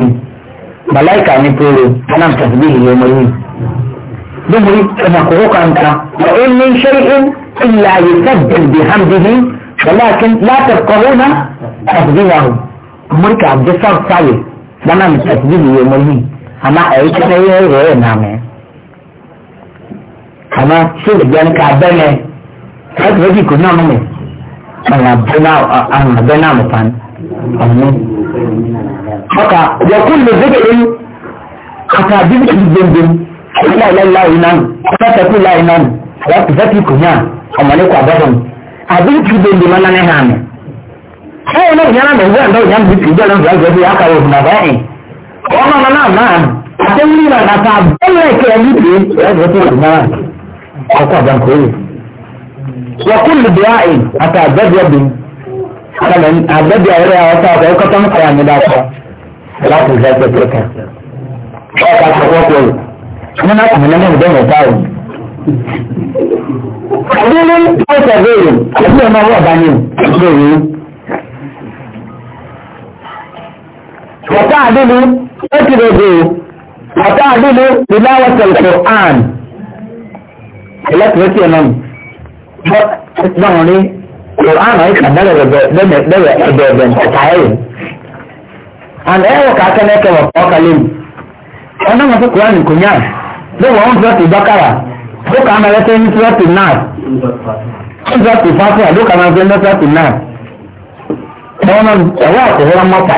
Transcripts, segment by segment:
kù malaika ni péré anam tàbí ìyẹn ọmọ yìí gbogbo ìkànnà kókó kàńkà wà ó ní ṣẹ́yìn ìlà yìí sábẹ̀ bí hàmdìhì wàlákin látà kọ́hónà tàbí ìyàwó amurka àjẹsà fàyè anam tàbí ìyẹn ọmọ yìí àmà ẹ̀yìn tí wọ́n yẹ ẹ̀rọ ẹ̀ nà mẹ́ àmà ṣé ìgbẹ́ ní ká haka ya kullu zikirin kata bibiki gbendin la ilaha illa ta ta kula ina ya ku zaki kunya amale kwa babon abin ki gbendin mana ne ha ne sai na yana da zan da yan bibiki da nan zai ya kawo na bai ona na na na atin ni na na ta bala ke bibiki ya zai ku na ko kwa ban ko yi wa kullu du'ain ata jabbin kala an abada ya ta ka ka tan ka ya ni da ka láti ìgbà pẹ̀pẹ̀ kan. ọ̀pá àkọ́kọ́ pẹ̀lú wọn láti mọ̀ nínú ìdẹ́rùn táwọn. àdúró ọ̀sẹ̀ béèrè àti ọmọ ọwọ́ ọ̀bá ni béèrè. ọ̀tá àdúró ó ti rẹ̀ béèrè ọ̀tá àdúró ìláwọ̀ sẹ̀lẹ̀ àn. ẹlẹ́tìrẹ́sì ẹ̀ náà bọ́ọ̀rùn rí kòrán àìsàn lẹ́rẹ̀ẹ́dẹ̀ẹ̀dẹ̀ ẹ̀dẹ̀ẹ̀dẹ̀ ẹ̀dẹ̀ẹ̀dẹ̀ and ẹwọ kàkẹ́ náà kẹwọ ọkà lẹ́yìn ọ̀nà wọn fún kúránì kò yàn lọ́wọ́ wọn fúlọ́tì bákàrà lókà máa lẹ́sẹ̀ ní fúlọ́tì náà wọn fúlọ́tì fáfíà lókà máa lẹ́sẹ̀ ní fúlọ́tì náà ẹwọ́n náà ẹwọ́ àkọ́wọ́ mọ́ta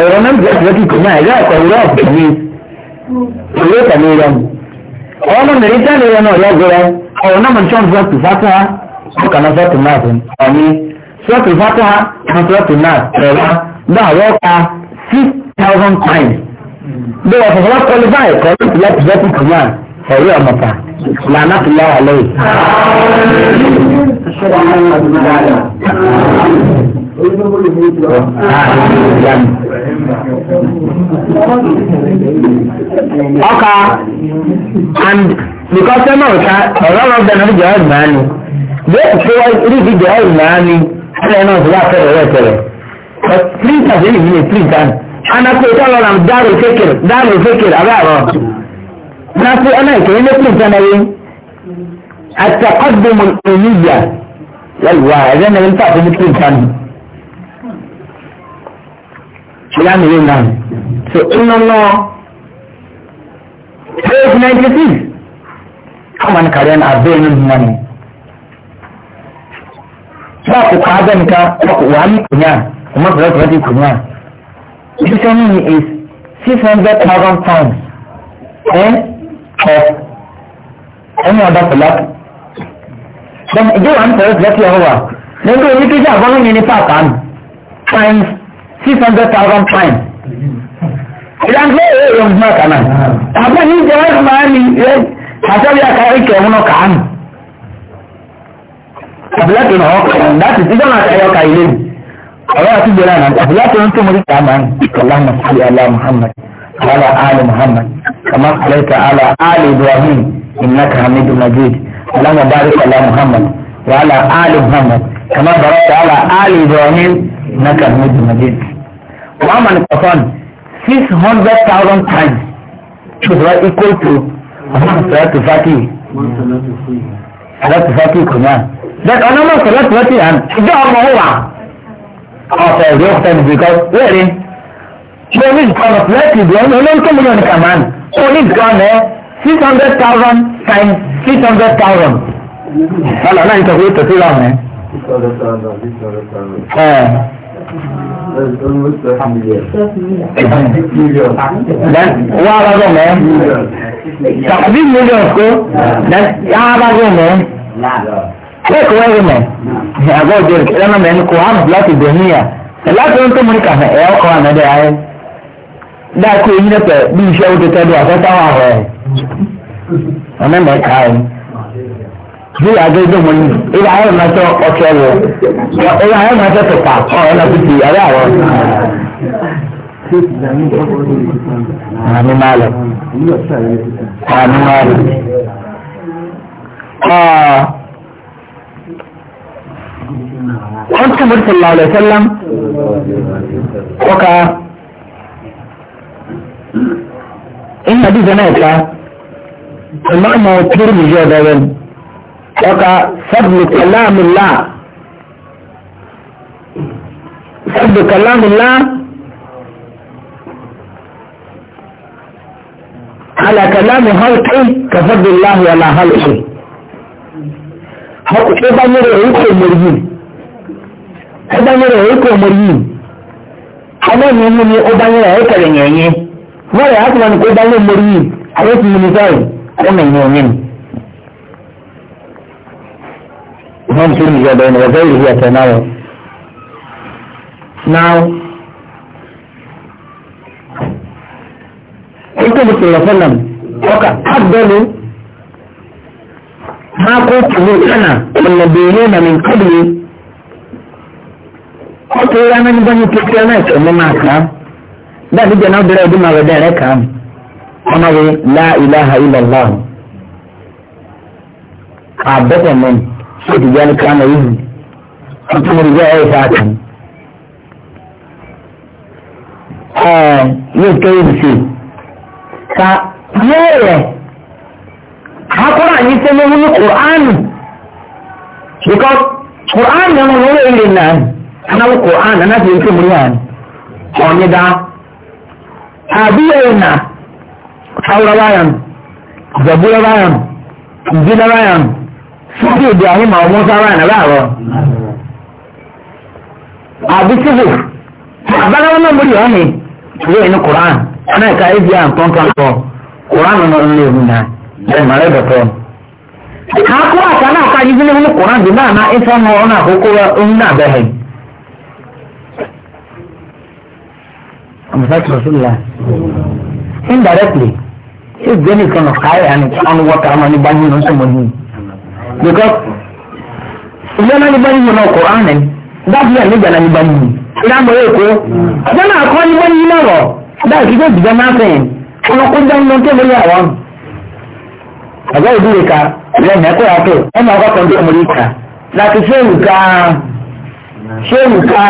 ẹ̀rọ náà fúlọ́tì lọ́kì kò yàn ẹ̀rọ àkọ́wọ́ ọ̀gbìn ìwé tẹ̀lé rẹ̀ ọ̀nà mẹ̀rin tẹ̀lé rẹ̀ náà lọ́gọ́rẹ́ ọ̀rọ̀ náà mọ̀ fúlọ́tì fáfíà lókà máa fúlọ́tì náà fúlọ́tì fáfíà náà ẹ̀rọ six thousand times bí wọ́n fọwọ́ kọlùbá ẹ̀kọ́ láti jẹ́pù kùnà ẹ̀rí ọ̀mọ̀ta lànà tó lọ́wọ́ lẹ́yìn. ọkà and because ẹ náà ká ọ̀rọ̀ ọ̀rọ̀ bẹ̀rẹ̀ ní jọ̀ọ́ ìgbà ni bí ó ti ṣe rí ìdíje ọ̀gbà ni ẹ̀rọ náà ti wá fẹ́rẹ̀ rẹ̀ tẹ̀rẹ̀ printer ṣe yìí ni printer ni anako ìtọ́lọ́ làm dáàrú fẹ́kẹ̀r dáàrú fẹ́kẹ̀r àbáàrọ̀ n'afẹ́ ọ̀nà ìkẹ́yìn ní printer náà yẹn àtàkọ́dùmù ìníyà yàlùwà ẹ̀rẹ́ náà ń tàbí ní printer ni ṣìlámù yẹn náà so iná náà page ninety six àwọn ànkàrẹ́ náà abẹ́ ẹni mọ́ ni. Báàkù kàá bẹ́ẹ̀ nìkan, báàkù wàá ní kùnyà ọmọ bẹ̀rẹ̀ bẹ̀rẹ̀ di kùnà ìṣiṣẹ́ ní is six hundred thousand pounds ẹ̀ ọ̀ ẹni ọ̀dà pẹ̀lápù. then ìdí wa ń tẹ̀rẹ̀ bẹ̀rẹ̀ ti ọ̀rọ̀ wa lẹ́gbẹ̀ẹ́ orí kejì àbọ̀rún mi ní pàpà mi times six hundred thousand pounds. ìlànà èrè èèyàn gbọ́n kàná àbọ̀ ní ìjọba ẹ̀rọ máa ní ẹ̀ àṣẹ́bí àkàrí kẹ̀ ọ̀hún ọ̀kà ánù. àbúlá kìnnà ọkọ̀ that is ìjọba àkàrí ọkà ìlẹ́yìn. أو أتي جلانا أفلات أنتم مريد أمان اللهم صل على محمد وعلى آل محمد كما صليت على آل إبراهيم إنك حميد مجيد اللهم بارك على محمد وعلى آل محمد كما باركت على آل إبراهيم إنك حميد مجيد وأما القرآن 600,000 times should be equal to Salat Fatih. Salat Fatih Quran. That another Salat Fatih and it's all Mahuwa ọ̀sẹ̀ ìdí ọ̀sẹ̀ ìdí because wẹ́ẹ̀rẹ́ ṣé ní ìkànnì láti ìdí ọ̀nà olóńtó mílíọ̀nù kàmán ó ní ìkànnì six hundred thousand times six hundred thousand. ọ̀là náà yìí tọ́kùn tẹ̀sí ra mẹ́. Then á bá gbọ́ mẹ́. Tàbí mílíọ̀nù kó. Then á bá gbọ́ mẹ́ ṣé kò wáyé mẹ́ àgọ́ òjò ìrẹ́nà mẹ́rin kò hàn láti dòmíyà láti ohun tó mú ní kàfẹ́ ẹ̀ ọkọ̀ ànádẹ́ ayé dákú èyí lẹ́pẹ̀ bí iṣẹ́ ó ti tẹ́lú àfẹ́sáwọn àwọ̀ ẹ̀ ọ̀nà mẹ́ka ẹ̀ bí àjọ ìjọ mọ̀ ní ilé ayé ìmọ̀tọ́ ọ̀tọ̀ wọ̀ ilé ayé ìmọ̀tọ́ tọ̀pà ọ̀rọ̀ náà fi ti ayé àwọ̀ àmì حج صلى الله عليه وسلم وكا إن دي زنائك المعنى ترمي جودا وكا فضل كلام الله فضل كلام الله على كلام خلقه كفضل الله على خلقه حق إبا نرى يكون ọbanyere eke omoriyi ọbanye mu ni ọbanyere ekere nyenye nwere atụma nke ọbanye omoriyi arịtụ mmiri sọrọ ọma enye onye m Imam Tirmidhi is there was very here to now. Now, Ikú Bùsùlọ̀ Fọ́nàm, ọkà Abdọ́lù, ha kó kìlú kánà, ọ̀nà bèèrè nà mí kábìlì ọtọ ya náà nígbà ní kékeré náà ẹsẹ mi máa kà á dáàbí jẹ náà bẹrẹ ọdún máa wẹ dẹrẹ kà á ọmọ wẹ láìláha ìlọlá àbẹtẹ mọ sóòtù jẹ ní kánà yìí ọtọ mi jẹ ẹ ìfà kàn ẹ ní ìkẹyẹ ìsè ka yẹrẹ akọrọ àyè sẹlẹ wọn ní kùránù because kùránù yẹn wọn lórí ìrìn náà. anáwó a na na fún mi hàn ọ̀nyẹ́dá àbíyẹ̀ na haura bayan zabura bayan jina bayan sókè ibrahim àwọn mọ́sá bayan láàárọ̀ àbí sífù àbáláwọ́ náà múlò ọ̀hìn ìwé inú quran ọ̀nà ìka ẹ̀bí à ń tọ́ ń tọ́ ń tọ́ quran nínú ilé ìlú náà ẹ̀ mọ̀rẹ́ dọ̀tọ́ na àtàlà àkàyí on Prophet Rasulullah. Indirectly, if then you can sky and it's on water and bani on someone Because if ìjọba ní bani yìí náà kọ ánẹ̀ dábìlì àníjà náà ní bani yìí. Ìdáàbò yóò kó. Ọjọ́ náà kọ́ ní bani yìí náà rọ̀. Dáàbì kí tó dìjọ náà sẹ́yìn. Ọlọ́kùn jẹ́ ọmọ tó lórí àwọn. Ọjọ́ ìdílé ka lẹ́yìn ẹ̀kọ́ to. ẹ̀ máa kọ́ to ọmọdé ka. Láti ṣé ìka ṣé ìka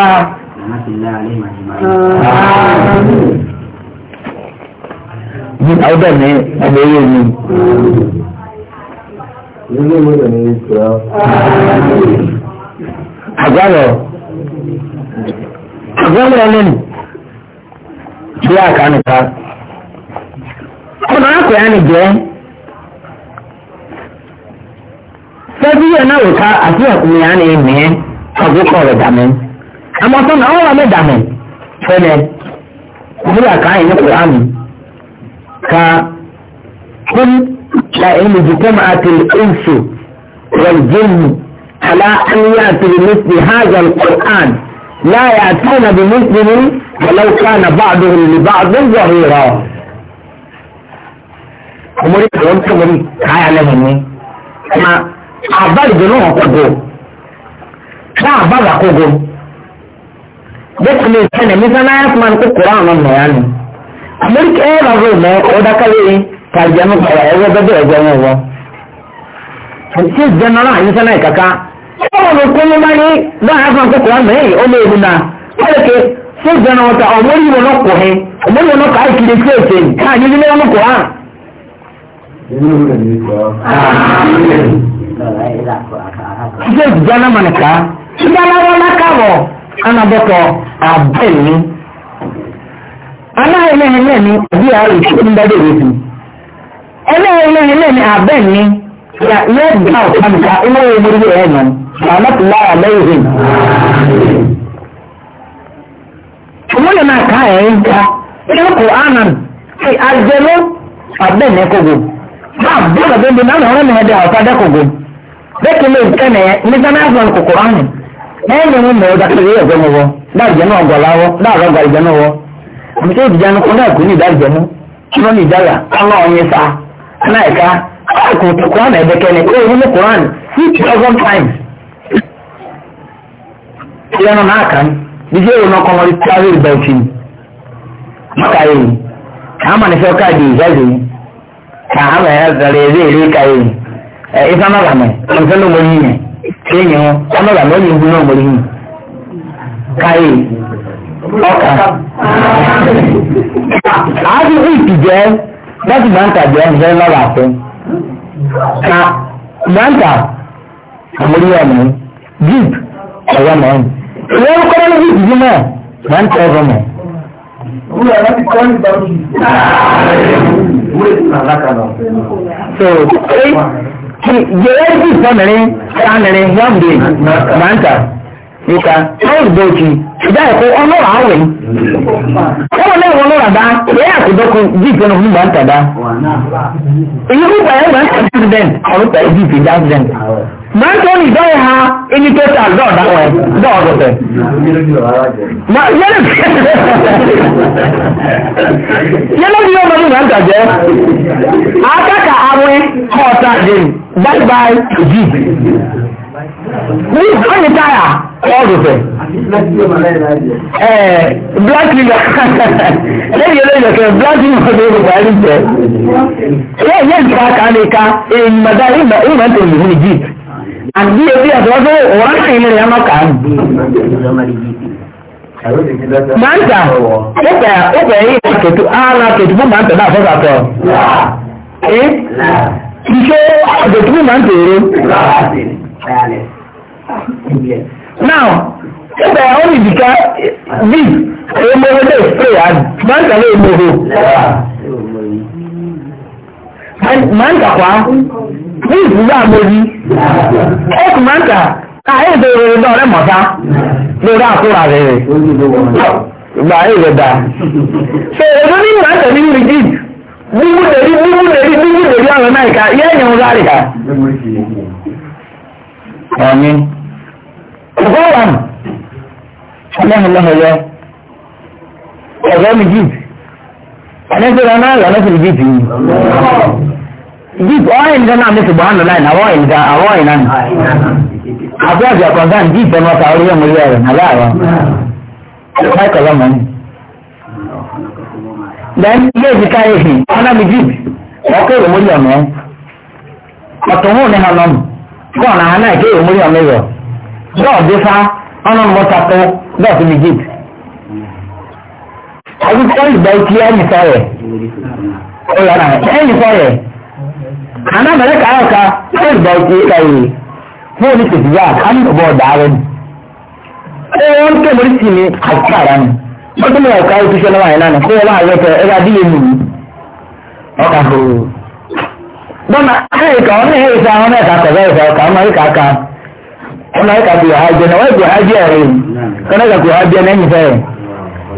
ورحمة الله عليهم أجمعين من أودان من Ilé ìwé ni ìṣẹ́ ọ́. Àgbàlọ̀. Àgbàlọ̀ lẹ́nu. Tí a kà nìkan. Ọ̀nà akọ̀yà ni jẹ́. Sẹ́bí yẹn náà wò ká àti ẹ̀kùnrin yẹn ni ẹ̀mí ẹ̀ ọ̀gbọ́kọ̀ àmọ́ tó náà wọ́n wà mẹ́ta mọ́ fẹ́lẹ̀ nígbà ká ìní kùránì ka kún la ẹni jùkọ́ máa ti ìṣù wọ́n jẹ́nu ala an yá ti rí mẹ́sì hajj al-qur'an láyé àtúnà bí mùsùlùmí wọ́n ká na bá a dùn bá a dùn bọ̀ rí Omori tó ń tó mori káyà lẹ́nu ni. Àbá ìdùnnú ọ̀kọ̀dọ̀. Ká àbá wà kógo bẹ́ẹ̀ni ìfẹ́lẹ̀ ní sanáyàtì máa ń kó kóra àwọn ọmọ ya nù. amẹ́ríkà ẹ̀ bá rò mọ́ ọ̀dàkàlẹ̀ tàjẹ́nu kọ̀ọ̀rọ̀ ẹ̀rọ bẹ́ẹ̀ ẹ̀jẹ̀ wọn wọ. ṣé jẹnara àyè sanáyà kàkà ọ̀rọ̀ mi kún ní báyìí báyà fún akókò wa mẹ́rin ọmọ èdè náà ọ̀rẹ́kẹ́ ṣé jẹnara ta ọmọdé wọn kọ ẹ ọmọdé wọn kọ àìkiri sí èsè káàdì ní wọn kọ á. ṣé jẹnara mọ̀ nìkan ṣé wọn náà anabɔtɔ abɛn ni aláìlẹ́yìn náà ni àbí ya ni abẹ́n ni yẹ gbà ọ̀kánìká inú ewu orí ẹ̀ na àmọ́tìlá àlẹ́yìn. Òmùlẹ̀ náà ká ẹ̀ ń ga inú kò ánàn ṣe àjẹmú abẹ́n ní náà bọ́ọ̀lù bẹ́ẹ̀ náà mi kí ló ń nígbà náà ẹni mú mẹ́rin dákẹ́rẹ́ yẹ ọ̀gbẹ́ mú wọ dáàjẹ́ náà gbọ̀lá wọ dáàrọ̀ gbà ìjẹ́ náà wọ àmì tí ó dìjà ní kún dáàkú ní ìdájẹ́ mú kí ló ní ìdáyà kánà ọ̀yẹ́ sá náà ẹ̀ka kò tó kúrán thousand times. ni kéèyàn ọlọ́dà lọ́yìn ogun náà mọ̀lẹ́yìn káyé ọkà àti ìtì jẹ́ láti gbàǹtà jẹ́ ìfẹ́ lọ́wọ́ àfẹ́ ka gbàǹtà àmúlẹ̀ ọ̀nà jeep ọ̀wọ́ náà ìwọ́n kọ́ lọ́wọ́ jeep yìí náà gbàǹtà ọ̀rọ̀ mọ̀. So, yẹ̀yẹ́ sì sọ̀nìrín sánìrín yọ̀ǹde máa ń tà nìkan táwọn ìgbòkì ìjà ẹ̀kọ́ ọlọ́rọ̀ àwẹ̀ ọmọ náà wọn lọ́rọ̀ dá ẹ̀yà àkùdọ́kù jíìpẹ́ náà nígbà ń tàdá èyí rúbà ẹ̀ wọ́n ṣe accident ọ̀rúbà ẹ̀ jíìpẹ́ jẹ́ accident máa ń tó ní ìdọ́rẹ̀ ha ẹni tó ta dọ́ọ̀dá wọn dọ́ọ̀dọ̀ tẹ̀. yẹ́lẹ́ bí ọmọ mi máa ń tàjẹ́ àtàkà àwẹ̀ ọ̀tà dé báyìí báyìí ní ìfọ́nì táyà ọ̀rọ̀ fẹ́. blaki lọ lẹ́yìn eléyìí ọ̀kẹ́ blaki lọ sí ọ̀rọ̀ buhari jẹ́. ilé ìyẹn nǹkan kan lè ka èyí màdá ìgbà ìgbà tó lù ní jíìpì. àbí ebi ọ̀dọ́ tó náà yìí lè yàmá kàn. Manta, ụkpere ụkpere ihe na-aketu a na-aketu bụ manta na-afọdụ atọ. Ee? Nke ọ dị tupu ayalẹ̀ now ẹgbẹ́ only ní ìdíkà bí èmòrò lè spray àgbáǹkà lè mòrò máǹkà kwá ní ìdíkà àmórí ẹkù máǹkà káyé ìdòrò náà rẹ mọ̀ta lórí àkúrà rẹ̀ ìgbà ayé da so èdè ní ìgbà tẹ̀lé ní ìdí bíbú dèrí bíbú dèrí bíbú dèrí àwọn náà ìka yẹ́ ẹ̀yẹ̀ ń rárí ha ọ̀nì ọgọ́wàn ọlọ́mọlọ́mọlọ́ ọ̀gọ́ mi jíìpì ọ̀nẹ́sẹ̀rẹ̀ náà yọ ọ̀nẹ́sẹ̀rẹ̀ jíìpì yìí jíìpì ọ̀hìn nìkan náà mẹ́sẹ̀ bọ̀ hánà láìní àwọn ọ̀hìn nìkan àwọn ọ̀hìn náà àbúrò àti àkọ́ńtàn jíìpì ẹni ọ̀tà orí ọmọ ilé rẹ̀ nàlá àwọn ọ̀hìn ọ̀hìn lẹ́yìn ilé ìdíkà èhìn ọ̀nà mi jíìpì ọ̀kẹ́ ọ̀nà ọ̀tún hùn ní bọ́ọ̀ náà náà kéèyàn múlí ọmọ ẹ̀yọ bọ́ọ̀ dé fa ọ̀nà mọ́ta tó bọ́ọ̀ fi mi jìp. ọdún tó ìgbà ikú ẹ̀yìn sọ rẹ̀ ó yọ náà ẹ̀yìn sọ rẹ̀ àná mẹ́rẹ́ kàá ọ̀ka tó ìgbà ikú ẹ̀yìn fún omi tètè yá àmì ọ̀bọ̀ ọ̀dà rẹ̀ ni. ó wọ́n ń kéwòn sí mi àti àrà ni wọ́n tún mọ̀ ọ̀ka ìtúṣẹ́ lọ́wọ́ àyẹ̀ náà kó wọ́n wá àyẹ̀ tẹ bọ́nà áfíríkà wọn ní ìhèsà àwọn náà kà kọ̀ọ̀bẹ́ ìfẹ́ ọ̀kà ọmọ ìkà ká ọmọ ìkà bí ọ̀há jẹ náà wọ́n bí ọ̀há jẹ rẹ̀ kọ́nà ìkà bí ọ̀há jẹ náà nífẹ̀ẹ́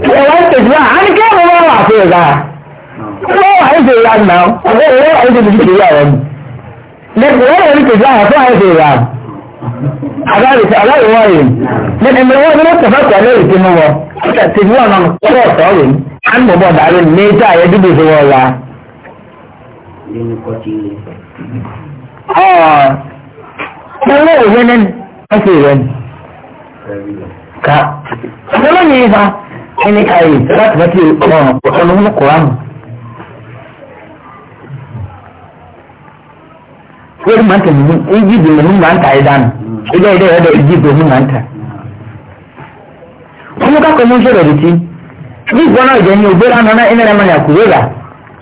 rẹ̀. ẹ̀wọ̀n tẹ̀sí náà á ní kí ẹ̀rọ wọn wà fún ìlà wọ́n wà ní ìfẹ́ ìlà náà ọ̀gbẹ́ ìwé wà ní ìfẹ́ ìlà rẹ̀ lẹ́kọ̀ọ́ wọ́n wà ní ìfẹ́ ìlà fún àìsè ìlà aláìwọ̀ yìí ní ẹ̀mẹ̀ wọ́n ní wọ́n tẹ̀fẹ́ kọ́ lẹ́yìn tí mo wọ̀ tẹ̀sí wọn náà kọ́ ọ̀tọ̀ wẹ̀ á ń bọ̀ bọ̀ dàrú ní ìta ayé dúdú sí wọn wá ẹ̀rọ òwe ah, lẹ́nu ọ̀sẹ̀ ìrẹ́nu ká ọ̀sẹ̀ ní ìfà ẹni káyè láti bá ti ọ̀nà ọ̀nà kùránù. wọ́n máa ń tẹ̀ nínú egypt nínú máa ń ta ẹ̀ dànù ẹgbẹ́ ẹ̀dẹ́ ẹ̀dẹ́ egypt nínú máa ń ta. wọ́n mú ká kọ́ mú sọ̀rọ̀ dùtí bí ìgbọ́n náà jẹ́ ní ògbé lánàá náà ẹ̀mẹ́rẹ́ mọ́ni àkùrẹ́ rà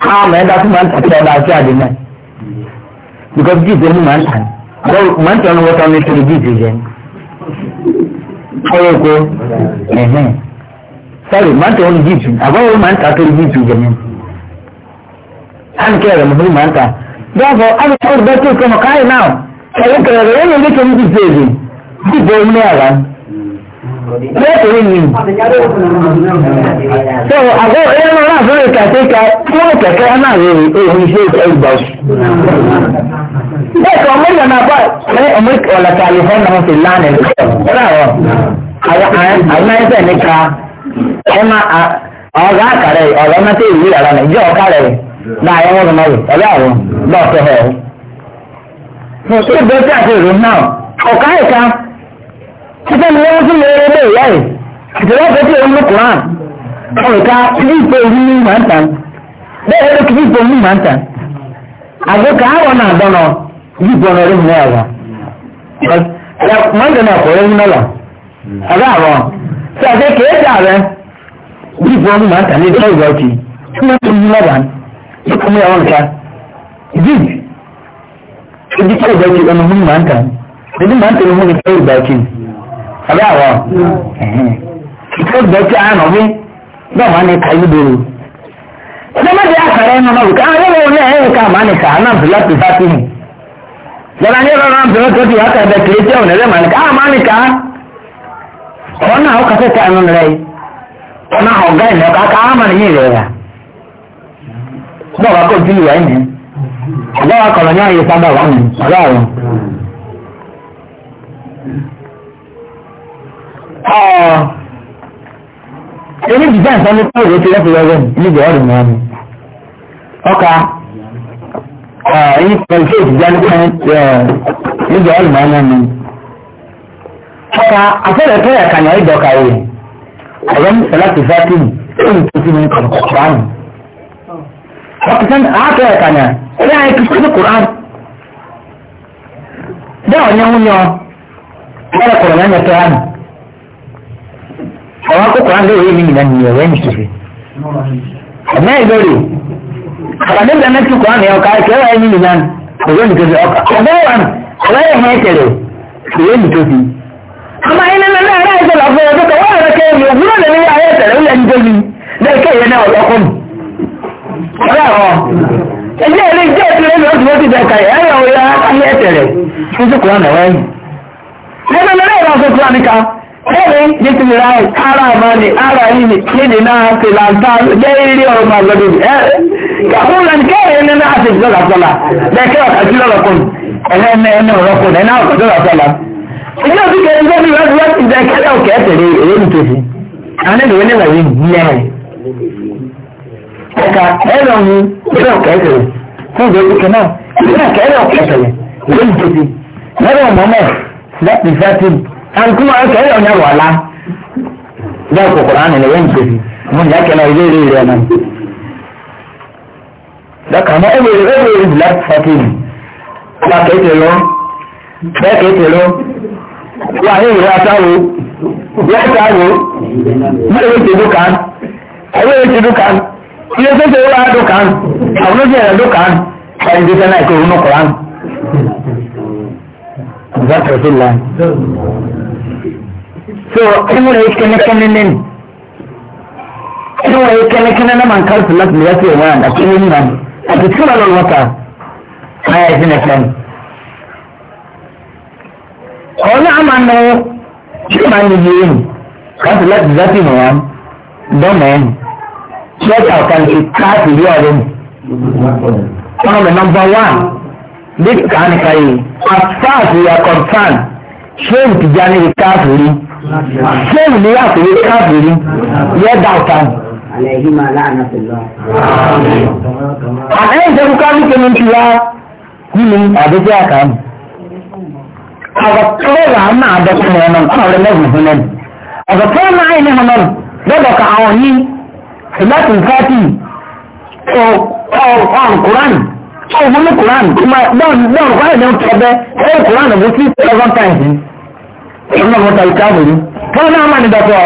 káàmù ẹ̀dá tó máa ń tàkì ọ̀dà àti àdé náà because jíjẹ ni màá ń tàn bọ́ọ̀lù màá ń tàn wọ́n tán ní torí jíjẹ jẹ ọ̀rọ̀ èkó ẹ̀hìn sọ́ọ̀rì màá ń tàn wọ́n jíjẹ àbọ̀wọ̀ màá ń tàn torí jíjẹ jẹ ní. àǹkẹ́ rẹ̀ mọ̀fún màá ń tàn dọ́fọ̀ àbíkọ́ ìgbẹ́ tó kọ́ mọ̀ káyì náà ẹ̀yìn kẹrẹ̀ rẹ̀ yẹn lè lẹ́tọ̀ọ́ ni so àgọ́ ẹ̀yẹ́ máa rà fún ìkàtíkà tí wọ́n kẹ̀kẹ́ náà rí èyí ṣe ìgbà lẹ́tọ̀ọ́ ọmọ ìyàn náà bá ọmọ ìkọlẹ̀ kàlífọ́n náà fi lánàá ẹ̀kọ́ àwọn ẹ̀sẹ̀ níka ẹ̀ máa ọ̀gá àkàrẹ̀ ọ̀gá mẹ́ta ìwé ìyàrá náà ìjọ ọ̀kàrẹ̀ náà ẹ̀wọ̀n ọ̀gá mẹ́rin ọ̀gá àwọn lọ́ọ̀tọ̀ ẹ̀ títí ni wọ́n tún lè rẹ́ ìyá ẹ̀ ìtẹ̀lẹ́ ọ̀fẹ́ tí òun ló kùrán ọ̀rọ̀ ká ilé ìpè òun ní màá tàn bẹ́ẹ̀ ló kìí ìpè òun ní màá tàn àgbo ká àwọn náà dọ́nà yìí gbọ́n ọ̀rẹ́ mi náà wà. máa ń dẹ̀nà ọ̀kọ̀rẹ́ mi náà wà ọ̀rẹ́ àwọn tí a fẹ́ kéé tà rẹ yìí gbọ́n ní màá tàn ní ìtọ́ ìgbà ọ̀tí tí wọ́n ti yí lọ́wọ́ ní kọ́mí àwọn nǹkan yìí ìdí tí ìgbà ọ̀tí ọ̀nà mú màá tàn ìdí màá tàn mú àbí àwọn ìtò ìgbẹ́tí àánà bí bẹ́ẹ̀ máa ní kàyí dòrò ọjọ́ méjì àkàrà ẹnu náà wùkà àwọn ẹgbẹ́ wọn ẹ̀yẹ ká máa ní sàánà bìlá ti bá sí mi lọ́la ní ẹ̀rọ náà bìlá tó ti wá kàdé kìí tẹ́ ọ̀nà ẹ̀rẹ́ máa ní ká àwọn máa ní ká ọ̀hún náà ó kàfẹ́ tẹ àánú rẹ̀ ọ̀nà ọ̀gá ìlẹ̀ ọ̀ká ká àmà ní ìrẹ̀ rà bọ́ọ̀ wá kó ẹni jìjà nǹkan ní kí òwe ti lẹ́kọ̀ọ́ lọ́wọ́ ní ìgbà ọ̀rùn náà ni ọkà ẹni pẹ̀lú sí ìjìjà ní ìgbà ọ̀rùn náà ni ọkà afẹ́rẹ́ kẹ́rẹ́ kàní ọ̀dọ̀ kàwé ọ̀rọ̀ ní sẹ́láàtì fáàtì ẹ̀yìn tó ti ní kọ̀ọ̀kọ̀ àrùn ọkùnrin àákẹ́rẹ́ kàní ẹ̀yà ẹ̀kí sí kùrán bẹ́ẹ̀ ọ̀nyẹ́wúnyọ́ ọ̀rẹ́kọ̀rọ̀ àwọn akókò á lóore mi nìyẹn nìyẹn wẹ́n ní kìfì ẹ̀mẹ́ ìlórí àbàdé ìdáná tí kò á nìyẹn ọkà ẹ̀kẹ́ wẹ́n ní nìyẹn kò wẹ́n ní kìfì ọkà ọ̀bẹ́ wọn ọ̀rẹ́ yẹn hẹ́ kẹlẹ̀ kò wẹ́n ní kìfì. ọmọ ilé náà náà láì sọ̀rọ̀ fún ọdún kan wọ́n rẹ̀ kẹ́ mi òwúrọ̀ lè ní ayé tẹ̀lé ilẹ̀ ní tóbi lẹ́ẹ̀kẹ́ ìyẹn náà ọ̀dọ́kùn. ẹgbẹ́ ìrìn jẹ́ ìtìlẹ́ ní oṣù mọ́tì dẹ̀ka ẹ̀ ẹ̀rọ ìyá ayé tẹ̀lé fún sùkúrọ̀ náà wáyé. ẹgbẹ́ náà náà ẹ̀rẹ́ nítorí ra ara mani ara yìí kéde náà ti na jẹ́ ilé ọmọ àgbàdo ẹ̀rẹ́ kàfún lẹ́nu kẹ́rẹ́ ní náà ti dọ́là sọ́la lẹ́kẹ́ ọ̀tà sí lọ́rọ̀ kùn ẹ̀rẹ́ ẹ̀nà ẹ̀nà ọ̀rọ̀ kùn ẹ̀nà ọ̀tà dọ́là sọ́la. ìjọ sí ndị ndị ndị an kuma an kai yau wala da ku qur'ani ne yanke mun da kana ile ile ile nan da kama ebe ebe ile la fatin ba kai te lo ba kai te lo wa ni ra ta wo ya ta wo ma ile ti dukan ayo ti dukan ile se se wa dukan awon je dukan ai de na ko no qur'an Zakarfillah so ẹnwere ekenekene ne ni ẹnwere ekenekene na ma nkari fula fula yasi ewa na kiri nna ni ati tí wọn lọ lọ ta ayé ẹsẹ nẹfẹ ni ọ̀nà àmà nà ó tí ó máa ń yé ni káfí láti láti nà wá dọ́mà ẹni tí ó ta ọ̀kan ti káàfì rí ọ̀rẹ́ mi wọn bẹ nọmba wán bí kàánì káyé as far as we are concerned ṣé ìtìjà ni káàfì rí. Fóònù ní àkùrí káàbìrí yẹ dá ọ̀tá nù. Àlẹ́ ìjẹ́kù káàbì kẹ́mi ti wá nínú àdéjẹ́ àkà nù. Àgbàkọ́wà náà àdọ́kùn rẹ̀ nù, ọ̀nà rẹ̀ mẹ́rin fún lẹ́nu. Àgbàkọ́wà náà ẹni hàn nù, lọ́dọ̀ ka àwọn ní ìlàtí fàtì ọ̀n Kùránì. Ṣé òun ní Kùránì? Bọ́ọ̀nù Kùránì ní ọ̀tọ̀ bẹ́ẹ̀, ẹ̀rọ Kùránì bó sí seven times ọmọ mọta ìkáàbù ni wọn náà má ní dọkọ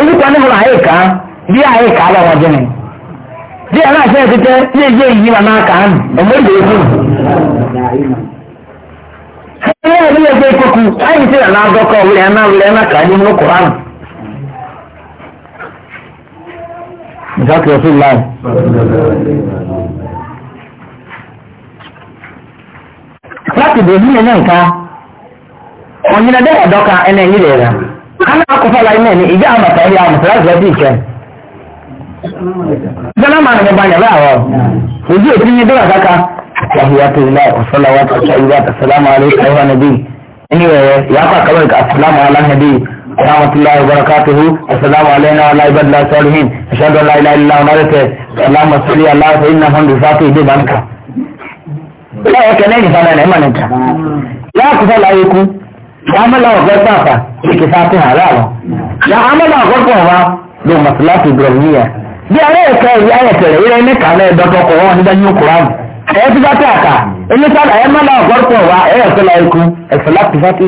orúkọ ní mọlá àyíká bí àyíká bá wọn jẹun bí ẹ náà ṣe é títẹ ní èyí èyí wà náà kàn án ọmọ ìdè èkó. ẹyẹ ẹni yẹ fẹ kókù ayé ti rà náà dọkọ wílẹ ẹ náà wílẹ ẹ náà kàn án nínú koran. ìsákìlẹ̀ fún láì. láti bèèrè ní ẹ̀ náà ká onyina dɛ ɛdɔka ɛna enyi de ɛra ana akɔfa la ɛna ɛni ìdí ama tɔri ama tɔri azɔ ti ìkyɛn gbɛna maa nomu banya bɛ awɔ ojú òtí ni dɔla kaka yahiya tó ilé akɔsɔlá wa tó ṣe ìwé àtàsálámù alẹ káyọ̀ nàbí ẹni wẹ̀rẹ̀ yàtọ̀ àkàwé ká àtàsálámù alẹ nàbí ورحمة الله وبركاته السلام علينا وعلى عباد الله الصالحين أشهد أن لا إله إلا الله ونرك اللهم صل على الله فإنه من رفاته بمنك لا يكنين فانا نعمان انت لا كفال عليكم عمل غرفة لكفاة حلال لا عمل غرفة لو مصلات إبراهيمية bí ara ẹ̀ka ẹ̀yà ẹ̀tẹ̀rẹ̀ ìrẹ́ ní kàlẹ́ ẹ̀dọ́kọ̀kọ̀ wọn nígbà ní okùnrin ẹ̀yẹ́ ti bá tẹ̀ àkà ẹ̀mẹ́sàlá ẹ̀ mọ́lá ọ̀gọ́rùpọ̀ wa ẹ̀yẹ́ ẹ̀fẹ́ la ikú ẹ̀fẹ́ láti fàtì.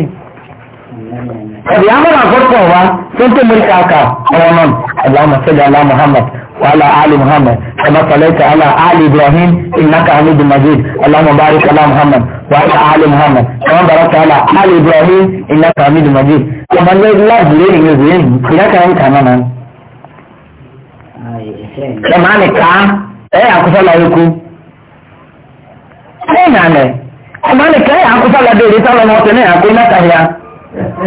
ẹ̀dì amọ́lá ọ̀gọ́rùpọ̀ wa tó ń tó mú ìka àkà ọ̀rọ̀ náà ẹ̀dì amọ̀sẹ́jà alá muhammad وعلى آل محمد كما صليت على آل إبراهيم إنك حميد مجيد اللهم بارك على محمد وعلى آل محمد كما باركت على آل إبراهيم إنك حميد مجيد كما لا بلين يزين كنا كان كمان كما نكا eh akusala yoku eh nane kama ne kai akusala de de tala no tene akuna kahya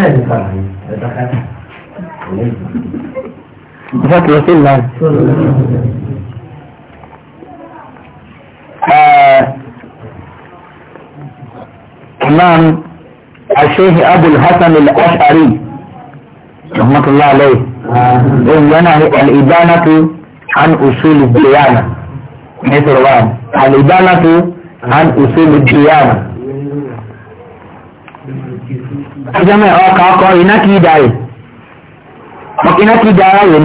eh eh بفضل الله كمان آه، الشيخ أبو الحسن الأشعري رحمة الله عليه يقول لنا الإبانة عن أصول الديانة مثل روان الإبانة عن أصول الديانة أجمع أوقع قائنا كي وقناتي داعين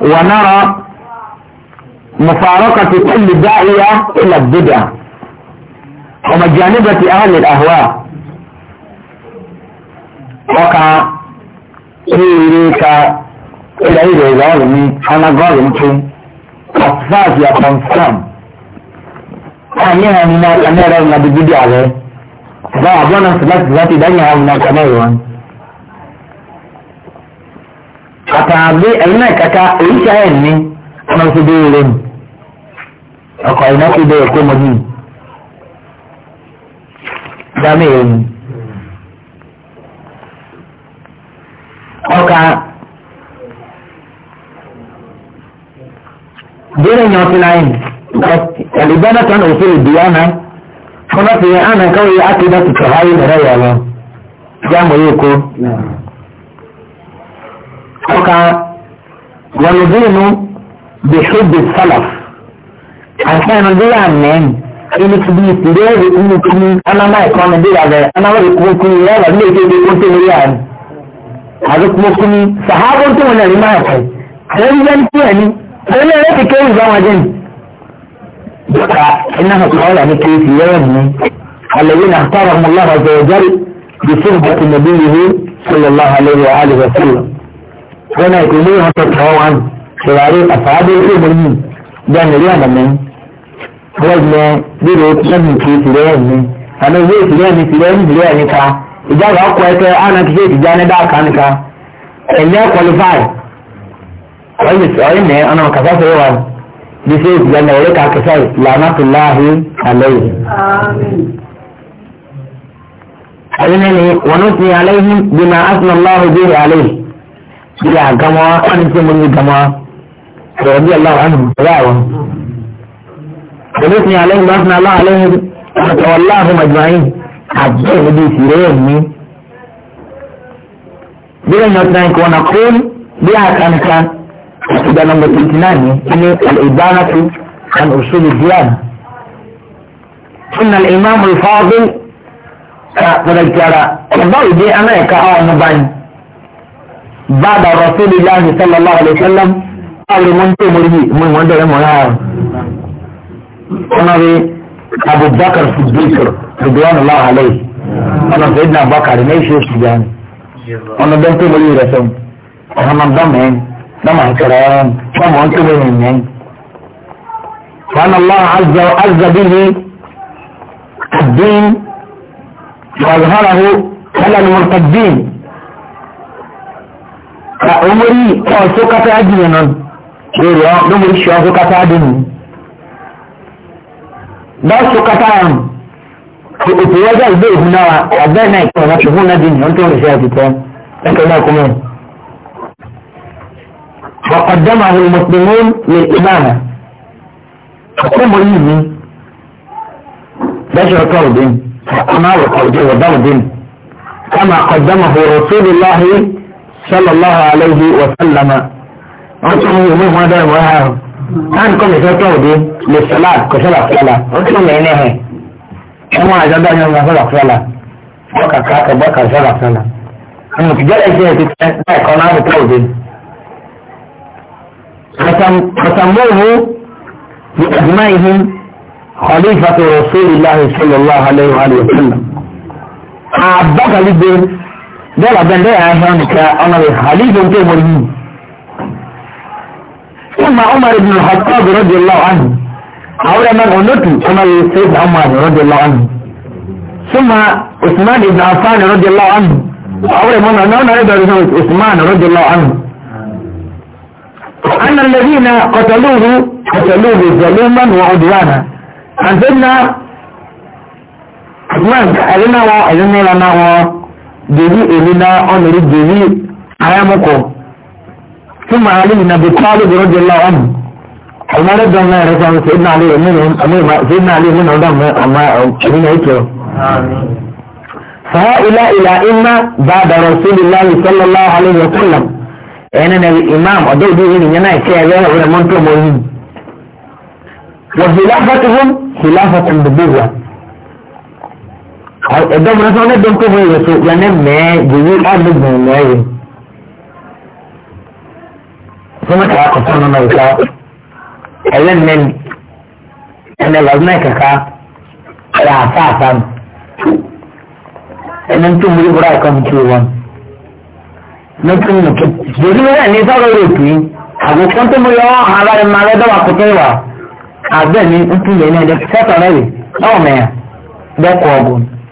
ونرى مفارقة كل داعية إلى البدعة ومجانبة أهل الأهواء وقع إليك إلى إلى ظالمي أنا ظالمتي أصفاك يا خمسان أنا من الأمير الذي بدي عليه فأعطونا ثلاث ذاتي دنيا من الكميوان àtàbí ẹ̀yin náà kàkà èyí tí ayẹ̀ ní ọmọ tó dé rẹ̀ mu ọkọ̀ ẹ̀yin náà tó dé ẹ̀kọ́ mọ́ mi dámé rẹ̀ mu. ọkà jẹ́rẹ̀ yẹn ọtí náà yìí ẹ̀lẹ́gbẹ́dá tán òfin ìdíyà náà fọlọ́fin yẹn á nà káwé yẹn á ti dá tutù ayé nìrẹ̀ yẹn lọ jáàmù yìí kó ọka wọlọdínú bẹ̀ṣọ́bẹ̀ sálàf àti nàìjíríà mẹ́rin ẹni tí bí ìpìlẹ̀ ẹ̀rọ inú kí anáwó ẹ̀kọ́ nàìjíríà rẹ̀ anáwó ẹ̀kọ́ kí ni ẹ̀rọ ilé ìdíje tó tó lórí àná àdókòwò kí ni sàhábó tó wọn ẹ̀rí máa kọ̀ ẹ̀rí yẹn tí ẹ̀ní ẹ̀rí ẹ̀rọ ti kéwì bá wọn jẹ́ni. bàtà iná kan ọ̀rọ̀ ní kéwì yẹ́rọ̀ mi alẹ́wé náà tọrọ mu lọ́rọ̀ bẹ̀rẹ̀ jẹ́rì bí fún bàtì nàbí yìí sọlọ́lá wọn náà ìpínlẹ̀ yìí wọn tó a wọn tòwárí àfàádé tó gbẹ̀yìn bí àmì rí àmàmẹ́ wọ́n lọ bíro lẹ́nu kí ìtìlẹ̀ ẹ̀mí àmì ìwé ìtìlẹ̀ ẹ̀mí ìtìlẹ̀ ka ìtìlẹ̀ ẹ̀mí ká ìjábọ̀ ọkọ̀ ẹ̀kẹ́ àná kí ìtìjà ní dáàkà nìka ẹ̀yẹ qualify ọ̀yìnbẹ̀ ọ̀nà kàfáfẹ́ wà bí ṣe ìtìjà ní ọ̀rẹ́ kàkẹ́sà ya gama an ce mun yi gama da rabi Allah an rawa da mutum ya lai masu nala alaihi a tawallahu majma'in a bai da bai sire ne biyan yau tunan ko na kun biya kanka a tuda nan mutum tunan ne shine al'ibanatu an usulu diyan tun al'imamu al-fadil ka madalkara ba بعد رسول الله صلى الله عليه وسلم قال من تمره من من مولا أنا ابي أبو بكر الصديق رضوان الله عليه أنا سيدنا بكر ما يشوف سجان أنا دم تمره رسم أنا دم هين دم هكران دم هون تمره هين كان الله عز وعز به الدين وأظهره على المرتدين ka omori ọsọ kata nọ lórí ọ lórí ṣe ọsọ kata adìyẹ nù lọsọ kata na òtò wájà ìgbé ìhun náà abẹ náà ìkọ wọn ti ahụ sallallahu alayhi wa sallama wọ́n tún mú ìwé wọn dẹ́rù wá hàn táwọn kọ́ mi fẹ́ tọ́ òde lè sọ́lá kọ́sọ́lá fúlàlà wọ́n tún mú ẹni hàn ẹ̀wọ̀n àjọ́dá yẹn wọ́n sọ́lá fúlàlà wọ́n kàkà kẹ́gbọ́ kà sọ́lá fúlàlà àwọn òkè jẹ́rẹ̀ ṣe tẹ́ báyìí kan láti tọ́ òde. kọ̀tàmbóhùn ni àdúmá ihe kọ̀lífàtò rọ̀ sórí láhùn dọ́là bẹ́ndẹ́ àhẹ́ nìkà ọmọ rẹ̀ halifu tó mọ̀ yìí ọmọ ọmọ rẹ̀ bìnrin hàtọ́ bìnrin di lọ́wọ́ àná àwọn ẹ̀mọ́ ọ̀nọ́tù ọmọ rẹ̀ ṣe é ọmọ rẹ̀ di lọ́wọ́ àná sọmọ usman ibn afan rẹ̀ di lọ́wọ́ àná àwọn ẹ̀mọ́ ọ̀nà ọ̀nà rẹ̀ bẹ̀rẹ̀ sọmọ usman rẹ̀ di lọ́wọ́ àná. أن الذين قتلوه قتلوه ظلوما وعدوانا أنزلنا عثمان أذنا وأذنا لنا geri elina ọnụrụ geri ayamụkọ tuma alihi na bukari buru dị la ọnụ ọmọdé dọ̀nà ẹ̀rẹ́ sọ ṣe ní alẹ́ ìmúnà ṣẹ́yìn alẹ́ ìmúnà ọ̀dọ́ ọmọ ìmúnà ètò sọ ilá ilá iná bá dọ̀rọ̀ sí ilá ìsọ́lọ́lá alẹ́ ìwọ̀kúnlọ̀ ẹ̀yẹn náà imam ọ̀dọ́ ìdí yìí nìyẹn náà ṣe ẹ̀rẹ́ ọ̀rẹ́ mọ́tò mọ́ ẹdọ mi nso ọdọ nkọ mu yẹ so yẹn ne mẹẹ yẹyi ọdọ gbọn mẹẹ yẹ fún mi kà akọtọ nínú náà wíkà ẹyẹ nnẹ mi ẹnẹ lọdún náà kàkà ẹyẹ afa afa mi ẹnẹ ntọ mu yíwúrọ àkọ mi tiwọ wọn n'otu mu nìkẹ jòdì mi náà ní sọ̀rọ̀ yóò pè é àgùkọ ntọ mu yọ ọhàn alárí mma rẹ dọwọ akọtọ yìí wà àbẹ mi ntọ yẹn náà ẹdẹ sẹtọ náà yìí ọwọ mẹyà bẹẹ kọ ọgùn.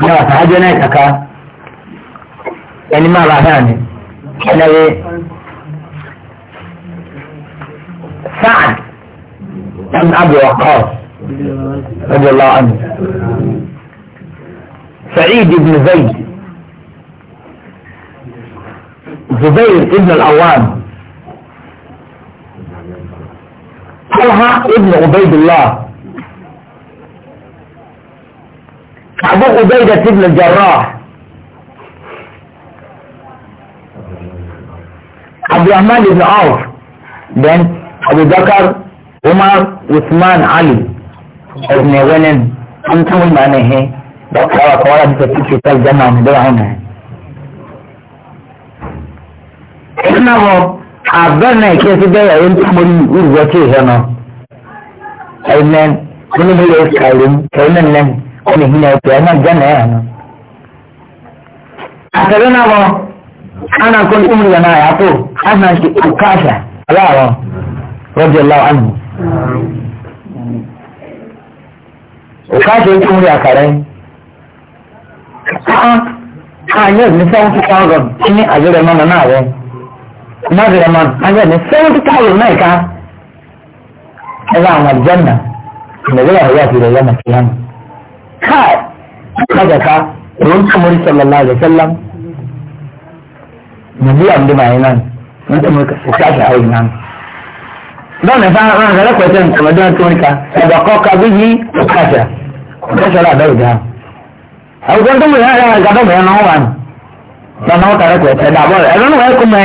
náà àtàjọ náà kàkà ẹni máa bá náà ni ẹnẹ́wé sáàd ẹn abdulwakar ọjọ́lá ọ̀nà سعيد بن زيد زبير ابن الأوام طلحة ابن عبيد الله أبو عبيدة بن الجراح عبد الرحمن بن عوف بن أبو بكر عمر عثمان علي ابن ولن أنت من معنى هي بقرة قرة بتتكي تلجمع من دون هنا إحنا هو عبرنا كيف ده ينتم الوجه هنا أيمن من هي إسرائيل كيمن لن ọ̀nà ìhìnà ẹ̀tọ́ ẹ̀ náà jẹ́nà ẹ̀ hàn. àtẹ̀lé náà wọ ana kọ́ ní ìmúlẹ̀ náà yàtọ̀ ana ṣe òkàṣà aláàrọ̀ rọ́jò láwọn àná. òkàṣà ń tún rí àkàrẹ́ àyẹ̀ ní seventy thousand ní àjẹrẹ̀ mọ́nà náà rẹ̀ nàbẹ̀rẹ̀ mọ́nà àyẹ̀ ní seventy thousand náà ká ẹ̀ bá àwọn àjẹ́ náà ìnáwó yàrá yàtọ̀ ìrẹ̀lẹ́ màkìyàmù kai kaga ka ruwan kamar sallallahu alaihi wasallam nabi amdi mai nan mun ta mulka su ta shi hauri nan don ne fara ran ga lakwai tan kamar don tunika sadaka ka bihi kasha kasha la dauda au don mu ya ga ga mu na wan ba na ta lakwai ta da ba ran wa kuma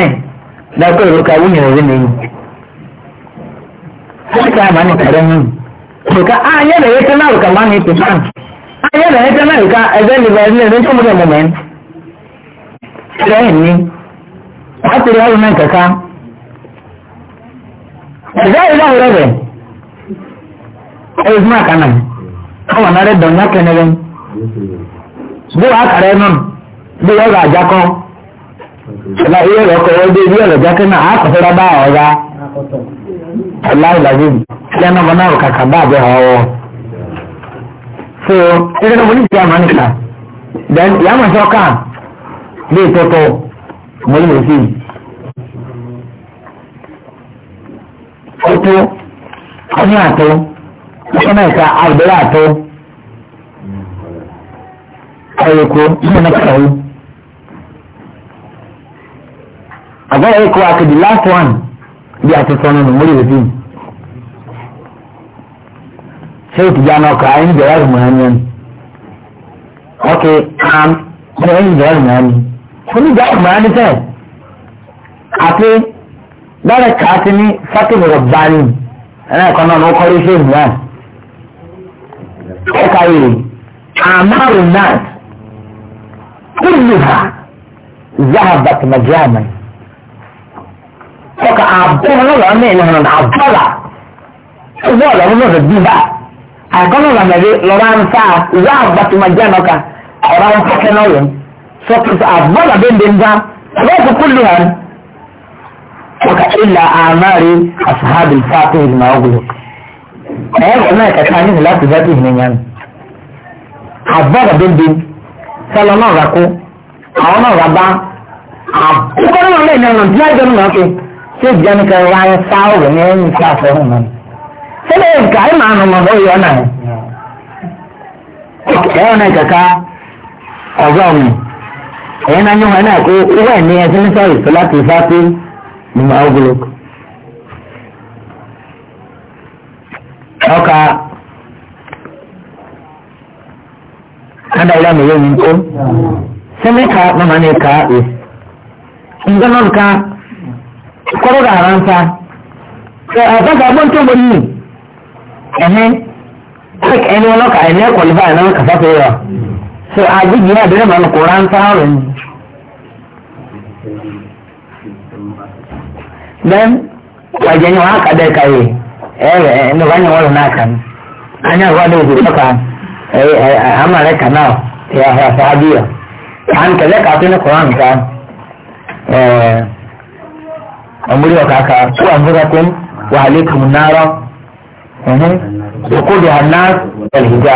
da ko ka wuni ne ne haka ma ne karamin to ka a yana yake na ka ma ne ke ban ayé rẹ̀ ẹjẹ́ náà nǹkan ẹgbẹ́ lè bá ilé ẹ̀rẹ́ tó múlẹ̀ mọ̀mọ́ ẹ̀ rẹ̀ ní àtúrò ọ̀rùn náà kẹ̀kẹ́ ẹ̀dá ìlú ọ̀rẹ́ rẹ̀ ẹ̀rọ fún àkànnà káwọn náà rẹ̀ dọ̀ ní akẹ́nẹ́rẹ́ bí wàá kàrẹ́ nù bí wọ́n rà àjákọ́ ṣọlá ilé rẹ̀ ọkọ̀ wọ́n dé ilé rẹ̀ jákẹ́ náà àkọ́tọ́ra bá ọ̀rá ọ̀lá ìlàjì so ẹgbẹ́ mo ní ti àmà nìkà then ìyá àmà sọ káà bí ìtọ́tọ̀ mo ní òsì ọtọ ọyún àtọ ọsọmọ ẹka àgbẹrẹ àtọ ọyọkọ nínú nàkàtà yìí àgbẹrẹ ẹkọ àkèdè last one bí àtúntò nínú mo ní òsì sai ki gano ka ayin da yar muhanyan okay am ne ayin da yar muhanyan kuni da muhanyan sai ate dara ka ti ni fatim rabbani ana kono no kori shi ni an ka yi amaru nas kulluha zahabat majaman Kọ̀ka àbúrò lọ́wọ́ mi ìlànà àbúrò. Ṣé ìwọ́n ọ̀dọ́ ló ń sọ bí báyìí? akɔnɔ lamɛbi lɔra nfa wa abatuma jɛnɔ kan ɔra nfa kɛnɛ wɔn sɔkutu abɔla bɛ nden ba lɔɔku kulu hàn ɔka ila amari asahabi fati ma ɔgulu ɛyɛ kɔnɔ yɛ kɛkɛ anyi nila tuba ti hinɛ nyanu abɔla bɛ nden sɛlɛ ra ko àwọn náà ra ba akɔnɔ lamɛbi nana ntoma jɛnu náà kɛ sɛ kɛ fɛ sele nka ẹ máa nùmọ̀ bọ́ yọ náà ẹ wọn náà kàkà ọ̀gá mi ẹ̀yẹ́ náà nyọ́ wọn náà kó ni ẹ̀ ní ẹsẹ̀ ní sọ́ọ̀rì tó láti fà pé nùmọ̀ ọ̀gbọ̀lọ̀. ada ila mi yẹn nko sẹ́mi ka mama ni ka e nǹkan náà nǹka kọ́rọ́ gàrà nfa ẹ̀ ọ̀gá gàgbọ́n tó mọ̀ yìí ẹni ọlọ́kà ẹni ẹ̀kọ́ lè báyìí náà kàfá pé yọ so àjíjì náà bẹ̀rẹ̀ màá kó ráńtà rẹ̀ ni. then wàjẹ́ ni wọ́n á kàdé kàyé ẹ̀rẹ̀ ẹni wọ́n yẹn wọ́n lọ náà kàn án yẹn wọ́n lè gbé lọ́kà àmàlẹ́ kàn náà ẹ̀ ẹ̀ fọ́ abíyọ̀ à ń kẹ̀lẹ́ kàtó ní koran kan ẹ̀ ọ̀múlẹ̀ ọ̀kàkà tó àmúrakún wà á náírà ìkódò àná ẹ̀lùjá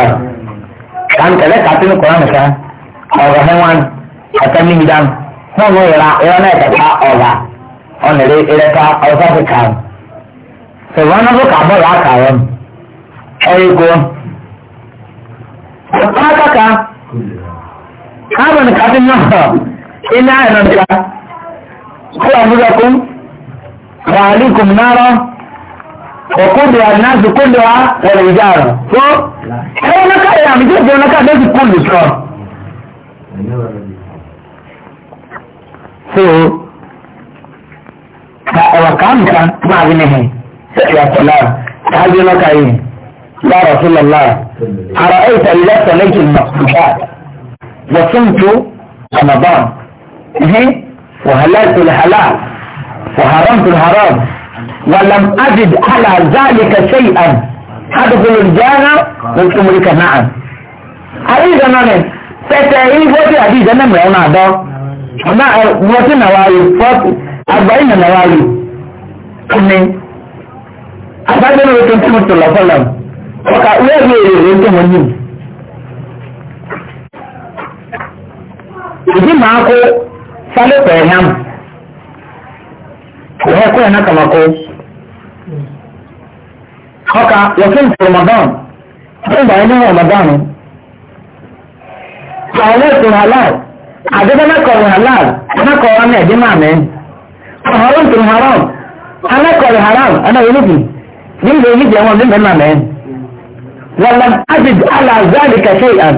àǹtẹ̀lẹ́ kàtínú kọ́ránù ká ọ̀rọ̀ hẹ́wọ́n àtẹ́mí ìdáhùn náà ló yẹra ẹ̀rọ náà kàtà ọ̀gá ọ̀nẹ̀rẹ̀ ẹ̀rẹ́ta ọ̀sá ti kà ọ́ sọ̀rọ̀ náà ló kà bọ́ọ̀lù àkàrọ̀ ẹ̀rígo ọ̀pá Káàbọ̀n kàtí náà iná ẹ̀nà nìkan, kó àmúlẹ̀kún, wà á líkùn náà rán ọ̀kọ́dọ̀ àdínáàtì kọ́dọ̀ á ẹ̀rẹ̀ ìjà rẹ̀ tó ẹ̀rọ náà káyẹ̀ àmì tí ìjọ náà káyẹ̀ sí kúlù sọ. so ka ẹ̀wà káàmùkà máa bí nìhẹ̀ sẹ́yà sọ̀lá káàbí náà káyẹ̀ yà rọ̀ sí lọ́lá ara ẹ̀ tẹ̀lé sọ̀lá ìkìlì mọ̀kùnkà wọ́n tó àmàbọ̀n wàhálà ìtòlè hàlà wàhárọ̀ ìtòlè hàrọ̀ ولم أجد على ذلك شيئا أدخل الجنة من أمرك معا أي زمان تتعيب وفي حديث أنا مرحنا أبا أما وفي نوالي فوق أربعين نوالي أمي أبدا أنا وكنت صلى الله عليه وسلم وكأولي وكنت مني ìdí màá kó sálẹ̀ pẹ̀lú wọ́n kọ́ ẹ̀ná kàmákọ́ ọkà wọ́n fún ramadan wọ́n bá ẹni ramadan àwọn ètò halal àdébẹ́mẹ́kọ̀ọ́ halal ẹ̀mẹ́kọ̀ọ́ ọmọ ẹ̀dín máa mẹ́ ọ̀hún tó haram ẹ̀mẹ́kọ̀ọ́ haram ẹ̀nà olùkì nílùú oníjì ẹ̀wọ̀n ní mẹ́mà mẹ́ wọ́n lọ ábìd aláàzáàlì kẹfẹ́ ìhàn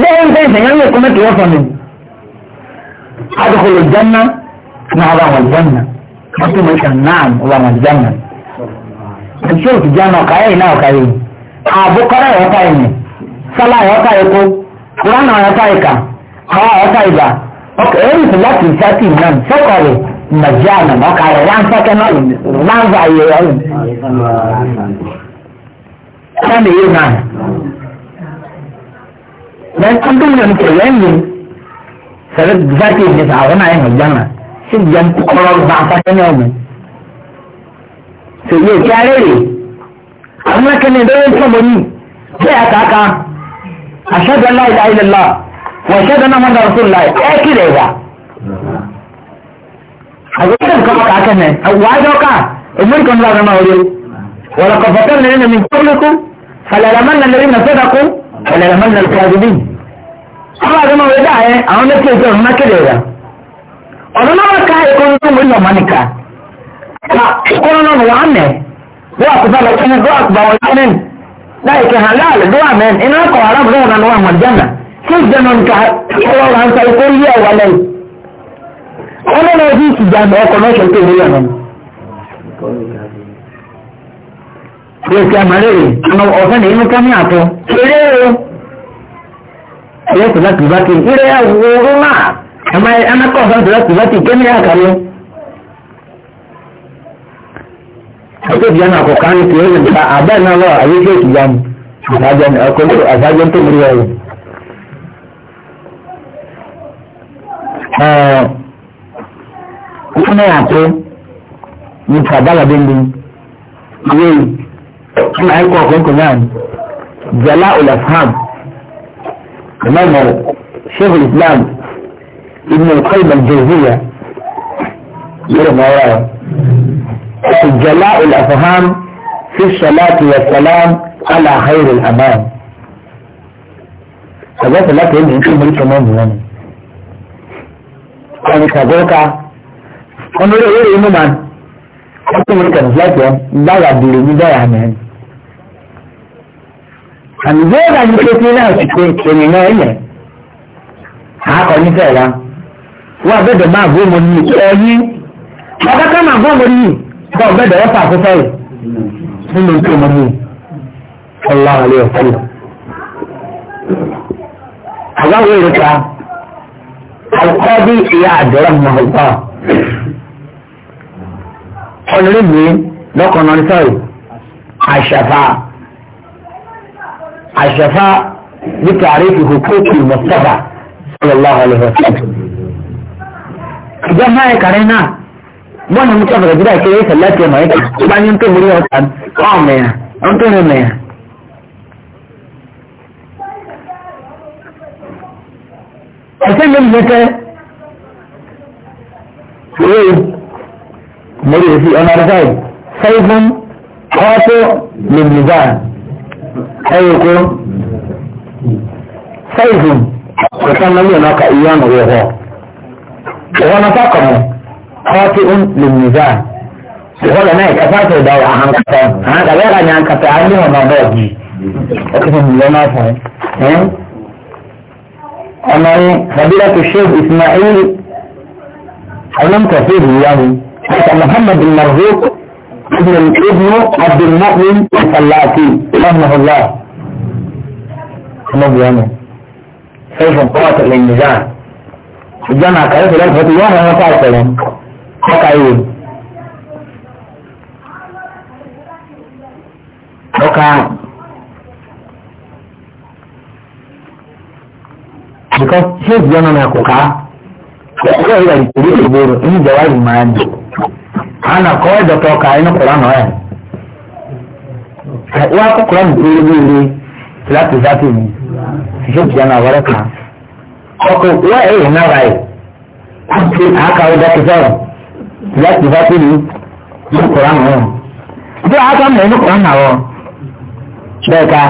bẹ́ẹ̀ ń fẹ́ ìfẹ̀yàn lè kọ́mẹ́tì wọ́n fọ́ mi adùkọ̀lù jẹ́nà náà wà wọ̀ jẹ́nà mtu maisha naam wa majanna sio kijana kae nao kae abukara yoka ime sala yoka yoko qur'an yoka ika hawa yoka iba okay eri salati sati nam sokare majana na kae ran saka no ran za ye yo kame ye na na kuntum ne ko yanni sarat zati ne sa wana ye majanna tí ìjà ń kọ́rọ́ bá afáṣẹ́ náà mọ́. Sèyí òkè aré rè àwọn akẹ́ni ìdọ́rẹ́ ń sọ̀mọ́ ní bẹ́ẹ̀ àkàkà àṣẹ́jọ láì láì lọ́la wọ́n ṣẹ́jọ náà mọ́tò ọ̀tún láì ẹ́ kì rẹ̀ wá. Àwọn ìṣẹ́ nǹkan ọkà akẹ́nẹ̀ àwọn àjọkà èmi nǹkan ló àwọn ọ̀rẹ́ wọ́n kọ̀ fọ́tẹ́ lẹ́yìn nàmi kọ́lẹ́kù fàlẹ́lẹ́mọ́ ọ̀dọ́ náà ká ìkọ́ni tó wọlé ọ̀mọ́ nìka ìkọ́ni náà nù wàá mẹ́ wọ́n àkùbá lọ kí ni dọ́ àkùbá wọn kí ni láì kí halal dọ́ àmẹ́ iná kọ̀ aráàlú náà nà wà wọn jẹ́nà kí ìjẹ́ náà nìka ìkọ́wọ́ wà ń sọ ìkọ́ yí ẹ̀wà lẹ́yìn ọ̀nà náà bí ìtìjà ní ọkọ̀ náà ṣe ń tẹ̀lé yẹn lọ́nà. Gbèsè àmàlẹ́rè ọ̀fẹ́ ní inú kámi àtọ́. Eré o. Ẹ̀yẹ́ kò láti bá amma ana kawo san da su zati kemi ya kare ko biya na ko kan ki yin da aban na wa ayi ke ki jam na jam ko ah, ko azajen to muriya yi eh kuma ya ko ni ta bala bindin yi kuma ai ko ko nan jala'ul afham kamar shaykhul islam ابن القيم الجوزية يرمى جلاء الأفهام في الصلاة والسلام على خير الامام هذا صلاة يمكن أن يكون كمان يعني إيه هنا أنا كذوكا أنا لا أرى إمام أنت مركز صلاة يوم لا يبدو لي ذا يعمل أنا زوجة مكتينا وتكون كمينا إيه ها قلت لها wọ́n abẹ́dẹ̀ máa bó mo ní ẹ̀yìn ọba ká máa bó mo ní bá ọbẹ̀dẹ̀ wọ́n fà fúnfẹ́ rẹ̀ nínú tó mo ní ọlá ọ̀lẹ́ ọ̀fẹ́lẹ̀. àgbáwo èrè ta alukọ́bí ìyá àdọ́rọ̀ mọ̀ọ́gbà ọ̀nrẹ́bìí lọ́kànnà sọ̀rọ̀ àṣàfà àṣàfà ní tàríkì hukuki mustapha sallallahu alaihi wa sallam jama'a ya kare na wannan mutum daga gida ke yi sallati mai bayan kai muri wata ba mai na an tone mai na ẹsẹ mi nìyẹn tẹ ee mori esi ọ̀nà rẹ̀ sáyid sáyidun ọ̀tọ̀ lèmìnìgbà ẹ̀yẹ kó sáyidun ọ̀tọ̀ náà mi ò náà ka iye ọ̀nà rẹ̀ ونطقه خاطئ للنزاع يقول أنا كفاته دعوة عن كفاته أنا كبيرا عن كفاته عني ونضاج أكثم لما فهم أنا فضيلة الشيخ إسماعيل علم كثير يعني محمد المرزوق ابن ابن عبد المؤمن الفلاحي رحمه الله نبي أنا سيف قاتل للنزاع ìjọba àkàrí ìfẹ́ lẹ́yìn fọ́tò yóò hàn wọ́n fà ìfẹ́lẹ́ ọkà ìwé ọkà because ṣé ìjọba náà nà kóká ọkọ̀ ìgbà ìkòrí ìgboro ní ìjọba yìí máa ń dùn a nà kọ́ ìdọ̀tọ̀ ọkà inú kura nà ọ̀yà wọ́n akọ́kọ́ ní ìgboro ìgboro láti sáfì mi ṣé ìjọba náà wọ́rẹ́ kàn ọkọ̀ wá ẹ̀yìn náà rà yìí àti àkàwé dọ́kítọ́rọ̀ láti bá tó yìí ní kóran wọn. bí àkà mọ̀ ní kóran náà wọ̀ bẹ́ẹ̀ ká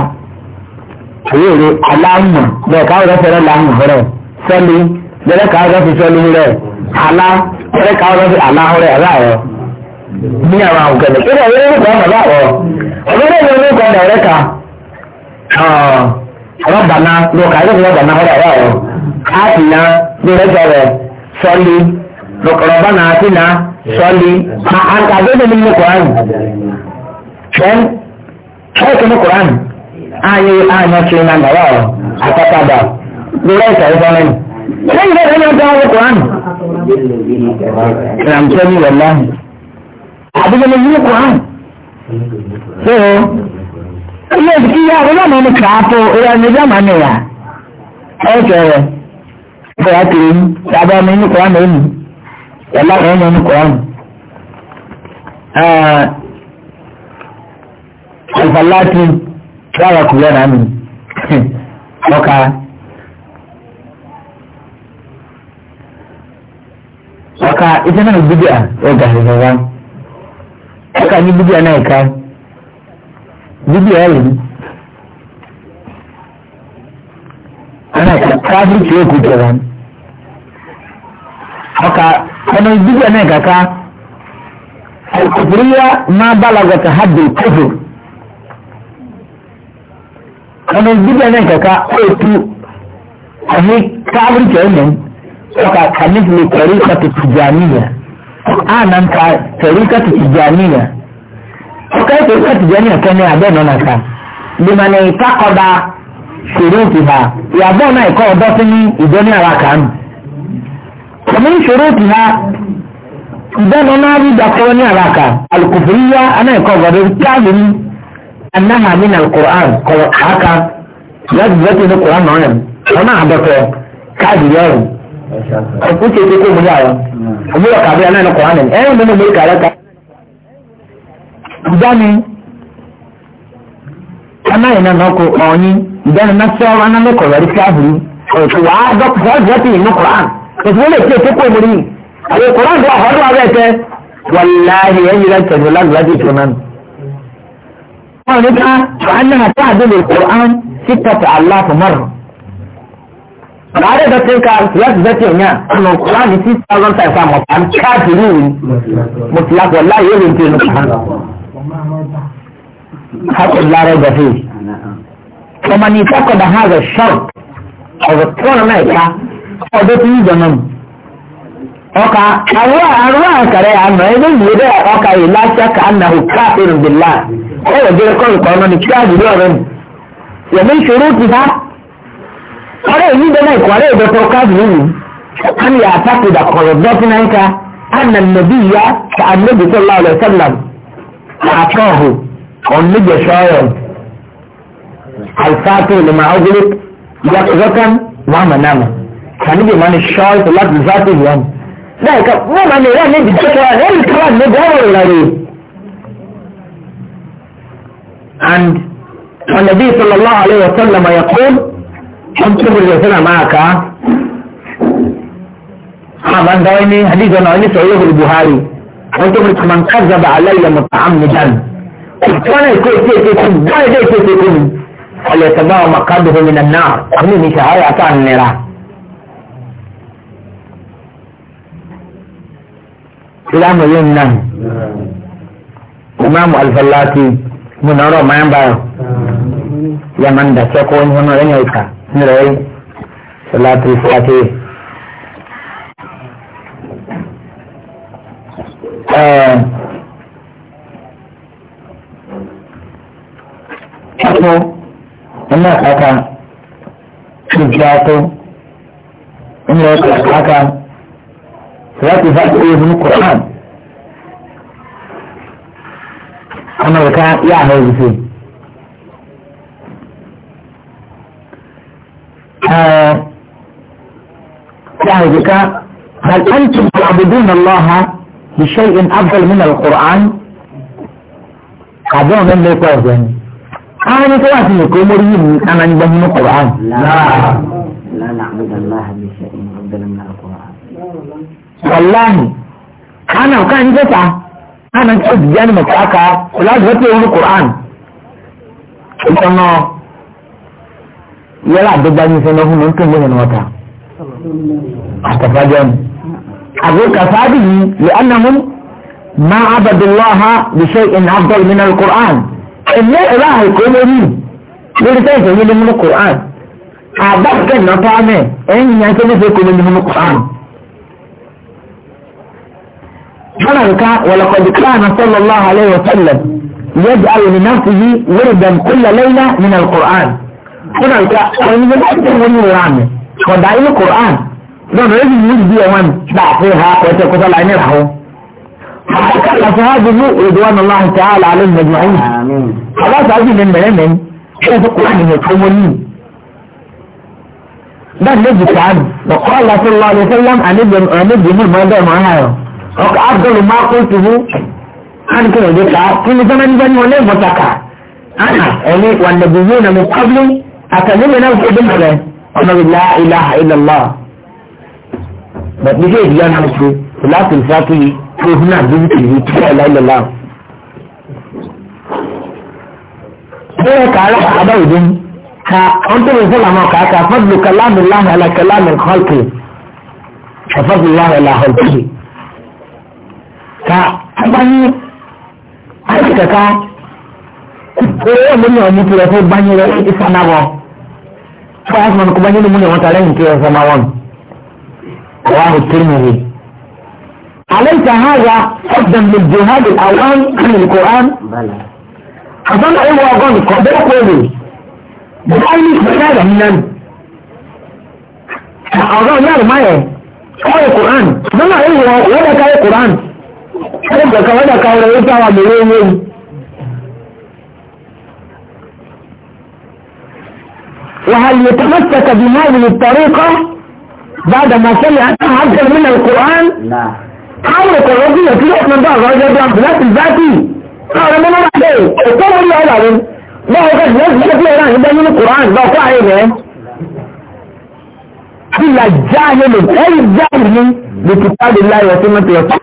àyèrè aláàmù bẹ́ẹ̀ ká ọ̀rọ̀ fẹ́rẹ́ láàmù rẹ̀ sẹ́lí bẹ́ẹ̀ ká ọ̀rọ̀ fi sẹ́lí rẹ̀ alá bẹ́ẹ̀ ká ọ̀rọ̀ fi aláhùn rẹ̀ rà yọ. ní àwọn àwọn kẹlẹ kí ni ọ̀rẹ́ ní kóran náà wọ̀ ọ̀rẹ́ ní ọ̀rẹ́ ní kóran náà rẹ̀ ká ọ̀rọ̀ bàná lọ́ọ̀ká ẹ̀rọ atina ni rẹsọrọ sọlí lọkọrọba na atina sọlí ma anka gbẹdẹ mi ní koran twẹn twẹkì ní koran anyi anyi ọtí na nàwa ọ akatada ni rẹsọrọ sọlí lẹyìn rẹ lẹyìn ọtí wọn koran ìrànṣẹ mi wọlá àdìgbẹ mi ní koran so ilé ìdíkí yá ọlọ́mọ mi kàá tó ìrànṣẹ mi wà ẹ kẹrẹ bóyá kiri ní sábà mi ní kọ́ọ̀nù èmi yàrá kan mọ̀ ní kọ́ọ̀nù. alifalati lára kùrẹ́ náà mi ọkà. ọkà iṣẹ́ náà gbígbé à ọgà ìrọ̀wá ọkà ní gbígbé à náà ẹ̀ka gbígbé à rèé. ana kafirci ya kuke wani haka kana duka ne kaka al-kufriya ma balaga ta haddul kufr kana duka ne kaka ko tu ahi kafir kenan haka kanif li tariqati tijaniya anan ka tariqati tijaniya haka tariqati tijaniya kana abena na ka limane taqada shurutuha ya bona iko odo ni idoni ara kanu ومن شروطها إذا مناري دقوني علاقة الكفرية أنا يقول تعلم أنها من القرآن حكا يجب أن القرآن معين أنا عبقى كاد يوم أقول شيء تكون مجايا أقول لك أبي أنا القرآن أين من الملك علاقة إذاني أنا هنا نقول أوني إذا نفسي أنا نقول ذلك كافري وعادة فجأتي القرآن òṣìṣẹ́ lè ṣe ìkókò ìmúrí yìí àwọn kòrán tó àhọ́dún abẹ́ tẹ wàláhì ẹ̀yìn rẹ̀ tẹ̀lé lágbàdì tó náà. wọ́n ní ká ṣàánú àti àdúgbò kòrán sí tọ́tù aláàfọ̀ márùn. láàárẹ̀ tó ti ń ka ìyáàtì bẹ́tì ẹ̀yà ọ̀nà kòrán ní six thousand five hundred mọ̀tà ń káàdì ní ìwé mọ̀tìlákọ̀ láì yóò lè ń tẹnu ọdún tí ń jọmọ mu ọkà àwọn àrùn àkàrẹ àmọ ẹgbẹ ìwédẹ ọkà yìí láṣà kà nà hù káfíìn bìlà ó wọ jẹrẹ kọrù kan náà ní kí àdúrà ọrẹ mu yẹmi ìṣòro ti ha ọrẹ yìí dẹ náà ìkọrẹ ìdọtọ yìí àmì àtàkùdà kọrọ dọtí náà ń ká ànà nàbí ìyá kà ànàbì sọlá ọlẹ sọlá àtọhù ọ̀nìjẹsọ̀rọ̀ àlùfáà tó lè máa ọgbẹ́lẹ́ yàtọ̀ kàníbi máa ní ṣọ́ọ̀tì láti zati wọn. bẹ́ẹ̀ ká wọ́n máa ní ìyá níbi tó ṣe wà lẹ́yìn tó wà níbi ọ̀rọ̀ ìlàrẹ̀. and ọ̀nàbí sọlọ́lá àlẹ́wọ̀ sọ́lá máa yẹ kó wọ́n tún bèrè sọ́nà máa kà á. àmà ń dáwọ́ ní hadith ọ̀nà ọ̀ní sọ̀rọ̀ ìhùrù buhari wọ́n tún bèrè kàmá ń kájà bá aláìyá mọ̀tà àmìjàn. wọ́n èkó èké èké kú báyìí èké èké kú ni. ọ̀lẹ́sẹ̀ báwọn màkàdùn kílámù yìí nà ìmáàmù alifalaki mu nà ọ̀rọ̀ máa ń bá yàmà ń dàkẹ́ kó ní ọ̀nà ẹ̀yìn ẹ̀ka nírọ̀ yìí sọláàtì kàkà ìjọ àtọ́ ẹ̀ kàkà. ثلاثة فات أيضا من القرآن أما كان يعهد فيه ذلك هل أنتم تعبدون الله بشيء أفضل من القرآن؟ قدوم من القرآن أنا متواسم كمريم أنا عندهم القرآن لا لا نعبد الله بشيء wallahi kana kan jata ana ce jani maka aka kula da wata wani qur'an kuma yala da bani sanan hun tun ne wata astafajan abu kasadi li'annahum ما عبد الله بشيء أفضل من القرآن إلا إله الكبري ولتأتي من القرآن أعبدك النطامة إن يكون في كل من القرآن حلقة ولقد كان صلى الله عليه وسلم يجعل لنفسه وردا كل ليلة من القرآن حلقة ومن أكثر من القرآن ودعي القرآن ده رجل يجي يوان بعثيها ويتكوت نرحه حلقة فهذا هو رضوان الله تعالى على المجمعين خلاص عزيز من ملمن شوف إيه القرآن من إيه يتكملين ده نجد تعالى وقال الله صلى الله عليه وسلم أن ابن المرضى معها ọkọ̀ abdul makun tuhu hàn kí wọ́n dé ká fún mi sọ́mọ́ nígbà ní wọn lé mọ́tàkà ana ẹni wọn lè bùbú na mo pablo àtàlẹ́mẹ̀ náà fi dùn rẹ̀ ọ̀nà mi láà ilaha illallah bàtí ṣe ìdíyà náà ṣe láti ìfàkì tó hún náà bí tìrì tó fẹ́ láì lọ́la. bẹ́ẹ̀ kàrà àbáwò dín ka ọ̀n tó lè sọ́lá mọ́ kàkà fọ́dùlù kàlámù láhàlà ka agbanyẹ ayé kẹka owó ọmọdé náà mú tirẹ̀ fún gbanyẹ rẹ ìfanabọ fún asọmọ nǹkan gbanyẹ lómú ni wọn tàlẹ́ nǹkan ẹ̀ fọmọ wọn ọwọ́ àwọn tẹ́lẹ̀ mi rí. أليس هذا أفضل من جهاد الأوان عن القرآن؟ بلى. أظن أيوة أظن قدر قولي. بأي مكان من أظن لا ما هي. قال القرآن. أظن أيوة ولا قال القرآن. ẹgbẹ̀ kan wọ́n dàkà ọ̀rọ̀ وهل يتمسك بهذه الطريقة بعد ما سمع أكثر من القرآن؟ نعم. حاول القرآن في من بعض رجل بلاك الذاتي. قال من أنا عليه. الطول اللي هو ما هو قد ناس بلاك من القرآن. بقى قوة عليه. كل بكتاب الله وسنة رسوله